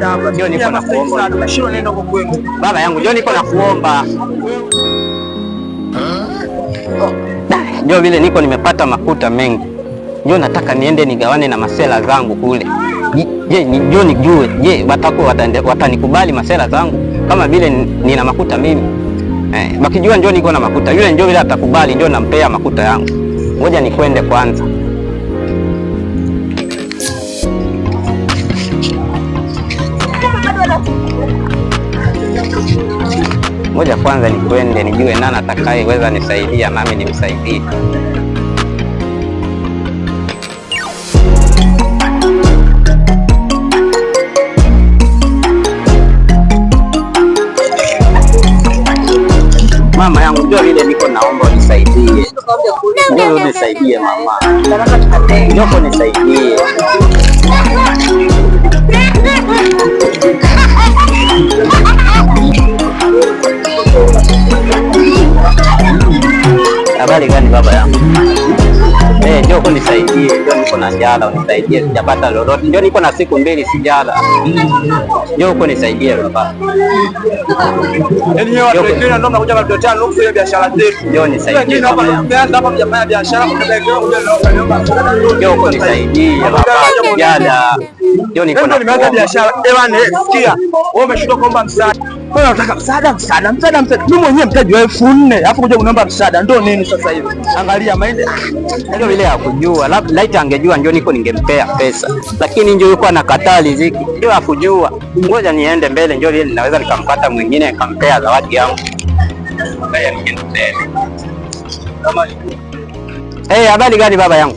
Baba yangu, njoo niko na kuomba. Njoo vile niko nimepata makuta mengi. Njoo nataka niende nigawane na masela zangu kule. Je, njoo nijue. Je, watako watanikubali masela zangu kama vile nina makuta mimi? Eh, wakijua njoo niko na makuta. Yule njoo vile atakubali, njoo nampea makuta yangu. Ngoja nikwende kwanza. Ngoja kwanza nikwende nijue nani atakayeweza nisaidia, nami nimsaidie. Mama yangu jua lile niko naomba unisaidie. nisaidie unisaidie mama. Njoo nisaidie baba yangu. Eh, njoo kunisaidie, njoo niko na njala, unisaidie, sijapata lolote. Njoo niko na siku mbili sijala. Njoo kunisaidie baba. Yaani njoo nisaidie. Yaani njoo kunisaidie yaani baba. Njoo niko na biashara. Ewa, eh, sikia. Wewe umeshindwa kuomba msaada. Mbona nataka msaada? Msaada, msaada, msaada. Mimi mwenyewe mtaji wa 4000 alafu kuja kuniomba msaada. Ndio nini sasa hivi? Angalia maende. Ndio ile ya kujua. Labda laiti angejua njoo niko ningempea pesa. Lakini njoo yuko anakataa riziki. Ndio akujua. Ngoja niende mbele njoo ile ninaweza nikampata mwingine nikampea zawadi yangu. Hey, habari gani baba yangu?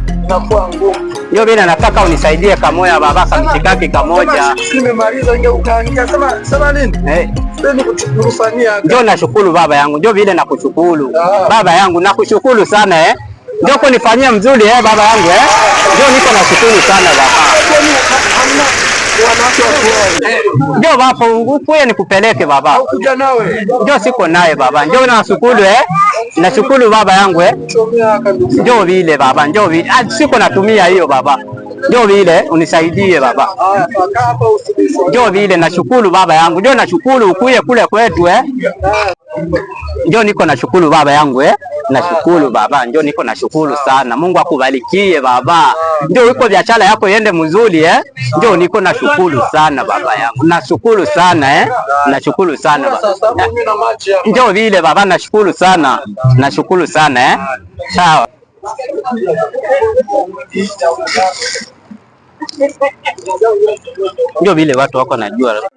inakuwa ngumu. Ndio mimi nataka unisaidie kamoya baba kamtikaki kamoja. Nimemaliza nje ukaangia sema sema nini? Eh. Ndio nashukuru baba yangu. Ndio vile nakushukuru. Ah. Baba yangu nakushukuru sana eh. Ndio kunifanyia mzuri eh baba yangu eh. Ndio niko nashukuru sana baba. Ah, Ndio eh, baba, nguvu ya nikupeleke baba. Ndio siko naye baba. Ndio na shukuru eh. Nashukuru baba yangu eh. Njoo vile baba, njoo vile. Ah, siko natumia hiyo baba. Njoo vile unisaidie baba. Njoo vile nashukuru baba yangu. Njoo nashukuru ukuye kule kwetu eh. Njoo niko nashukuru baba yangu eh. Nashukuru baba, ndio niko nashukuru sana. Mungu akubarikie baba, ndio iko biashara yako iende mzuri eh? Ndio niko nashukuru sana baba yangu, nashukuru sana eh? Nashukuru sana baba, ndio vile baba, nashukuru sana, nashukuru sana eh? Sawa. Ndio vile watu wako najua,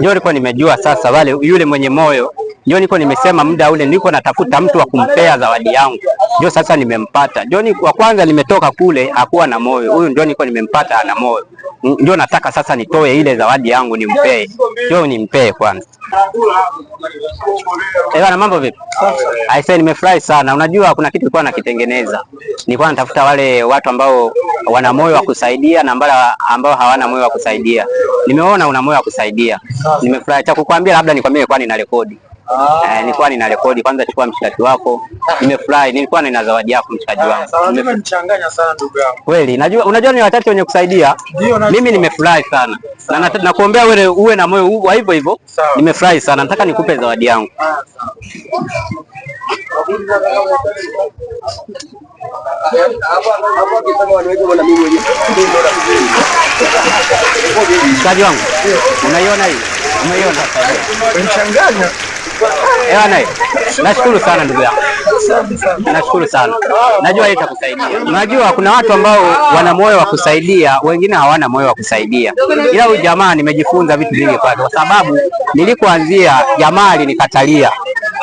ndio nilikuwa nimejua sasa, wale yule mwenye moyo ndio niko nimesema muda ule niko natafuta mtu wa kumpea zawadi yangu, ndio sasa nimempata. Ndio wa kwanza nimetoka kule hakuwa na moyo, huyu ndio niko nimempata ana moyo. Ndio nataka sasa nitoe ile zawadi yangu nimpee, ndio nimpee kwanza. Eh, bana mambo vipi? say nimefurahi sana. Unajua kuna kitu nilikuwa nakitengeneza, nilikuwa natafuta wale watu ambao wana moyo wa kusaidia na ambao hawana moyo wa kusaidia. Nimeona una moyo wa kusaidia, nimefurahi. Cha kukwambia labda nikwambie, kwani na rekodi Ah. Eh, nilikuwa nina rekodi kwanza, chukua mshikaji wako. Nimefurahi, nilikuwa nina zawadi yako mshikaji wangu. Ah, Nimechanganya sana ndugu yangu. Kweli, najua unajua ni wachache wenye kusaidia. Mimi nimefurahi sana. Na nakuombea wewe uwe na moyo huu hivyo hivyo. Nimefurahi sana. Nataka nikupe zawadi yangu. Ah, mshikaji wangu. Unaiona hii? Unaiona? Unachanganya. Ewana, yaani, nashukuru sana ndugu yangu, nashukuru sana najua hii itakusaidia. Unajua kuna watu ambao wana moyo wa kusaidia, wengine hawana moyo wa kusaidia, ila huyu jamaa nimejifunza vitu vingi kwake, kwa sababu nilikuanzia jamaa alinikatalia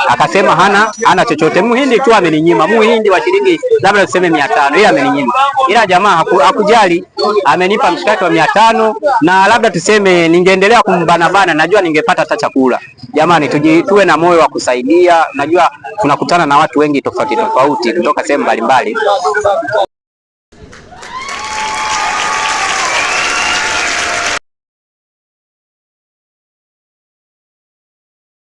akasema hana hana chochote. Muhindi tu ameninyima muhindi wa shilingi labda tuseme mia tano, yeye ameninyima, ila jamaa haku, hakujali amenipa mshikaki wa mia tano na labda tuseme ningeendelea kumbanabana, najua ningepata hata chakula. Jamani, tuji, tuwe na moyo wa kusaidia. Najua tunakutana na watu wengi tofauti tofauti kutoka sehemu mbalimbali.